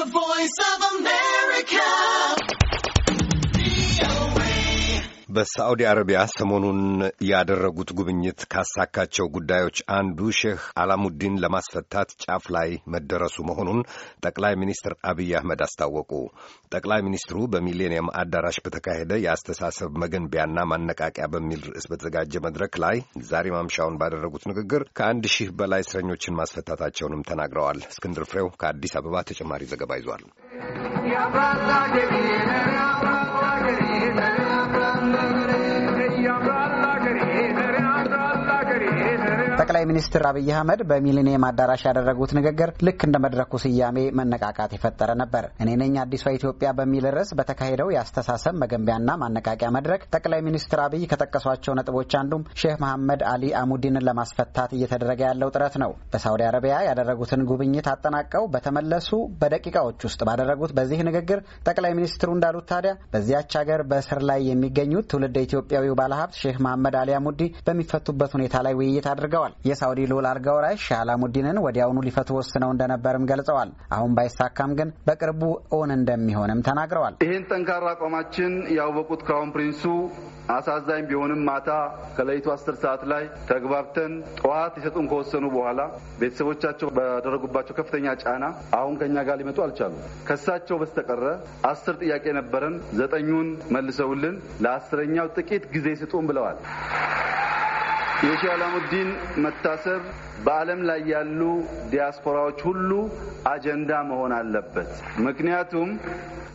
The Voice of a man. በሳዑዲ አረቢያ ሰሞኑን ያደረጉት ጉብኝት ካሳካቸው ጉዳዮች አንዱ ሼህ አላሙዲን ለማስፈታት ጫፍ ላይ መደረሱ መሆኑን ጠቅላይ ሚኒስትር አብይ አህመድ አስታወቁ። ጠቅላይ ሚኒስትሩ በሚሌኒየም አዳራሽ በተካሄደ የአስተሳሰብ መገንቢያና ማነቃቂያ በሚል ርዕስ በተዘጋጀ መድረክ ላይ ዛሬ ማምሻውን ባደረጉት ንግግር ከአንድ ሺህ በላይ እስረኞችን ማስፈታታቸውንም ተናግረዋል። እስክንድር ፍሬው ከአዲስ አበባ ተጨማሪ ዘገባ ይዟል። ጠቅላይ ሚኒስትር አብይ አህመድ በሚሊኒየም አዳራሽ ያደረጉት ንግግር ልክ እንደ መድረኩ ስያሜ መነቃቃት የፈጠረ ነበር። እኔ ነኝ አዲሷ ኢትዮጵያ በሚል ርዕስ በተካሄደው የአስተሳሰብ መገንቢያና ማነቃቂያ መድረክ ጠቅላይ ሚኒስትር አብይ ከጠቀሷቸው ነጥቦች አንዱም ሼህ መሐመድ አሊ አሙዲንን ለማስፈታት እየተደረገ ያለው ጥረት ነው። በሳውዲ አረቢያ ያደረጉትን ጉብኝት አጠናቀው በተመለሱ በደቂቃዎች ውስጥ ባደረጉት በዚህ ንግግር ጠቅላይ ሚኒስትሩ እንዳሉት ታዲያ በዚያች ሀገር በእስር ላይ የሚገኙት ትውልድ ኢትዮጵያዊው ባለሀብት ሼህ መሐመድ አሊ አሙዲ በሚፈቱበት ሁኔታ ላይ ውይይት አድርገዋል። የሳውዲ ልዑል አልጋ ወራሽ ሼህ አላሙዲንን ወዲያውኑ ሊፈቱ ወስነው እንደነበርም ገልጸዋል። አሁን ባይሳካም ግን በቅርቡ እውን እንደሚሆንም ተናግረዋል። ይህን ጠንካራ አቋማችን ያወቁት ክራውን ፕሪንሱ አሳዛኝ ቢሆንም ማታ ከሌሊቱ አስር ሰዓት ላይ ተግባብተን ጠዋት ሊሰጡን ከወሰኑ በኋላ ቤተሰቦቻቸው በደረጉባቸው ከፍተኛ ጫና አሁን ከኛ ጋር ሊመጡ አልቻሉ። ከሳቸው በስተቀረ አስር ጥያቄ ነበረን። ዘጠኙን መልሰውልን ለአስረኛው ጥቂት ጊዜ ስጡን ብለዋል። የሼህ አላሙዲን መታሰር በዓለም ላይ ያሉ ዲያስፖራዎች ሁሉ አጀንዳ መሆን አለበት። ምክንያቱም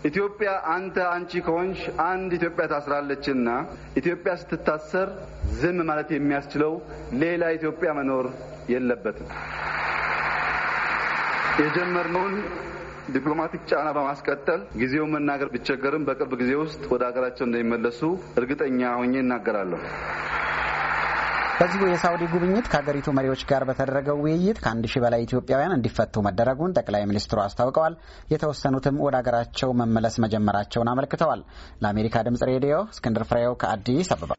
ኢትዮጵያ አንተ አንቺ ከሆንሽ አንድ ኢትዮጵያ ታስራለችና ኢትዮጵያ ስትታሰር ዝም ማለት የሚያስችለው ሌላ ኢትዮጵያ መኖር የለበትም። የጀመርነውን ዲፕሎማቲክ ጫና በማስቀጠል ጊዜውን መናገር ቢቸገርም በቅርብ ጊዜ ውስጥ ወደ ሀገራቸው እንደሚመለሱ እርግጠኛ ሆኜ እናገራለሁ። በዚሁ የሳውዲ ጉብኝት ከሀገሪቱ መሪዎች ጋር በተደረገው ውይይት ከአንድ ሺህ በላይ ኢትዮጵያውያን እንዲፈቱ መደረጉን ጠቅላይ ሚኒስትሩ አስታውቀዋል። የተወሰኑትም ወደ ሀገራቸው መመለስ መጀመራቸውን አመልክተዋል። ለአሜሪካ ድምጽ ሬዲዮ እስክንድር ፍሬው ከአዲስ አበባ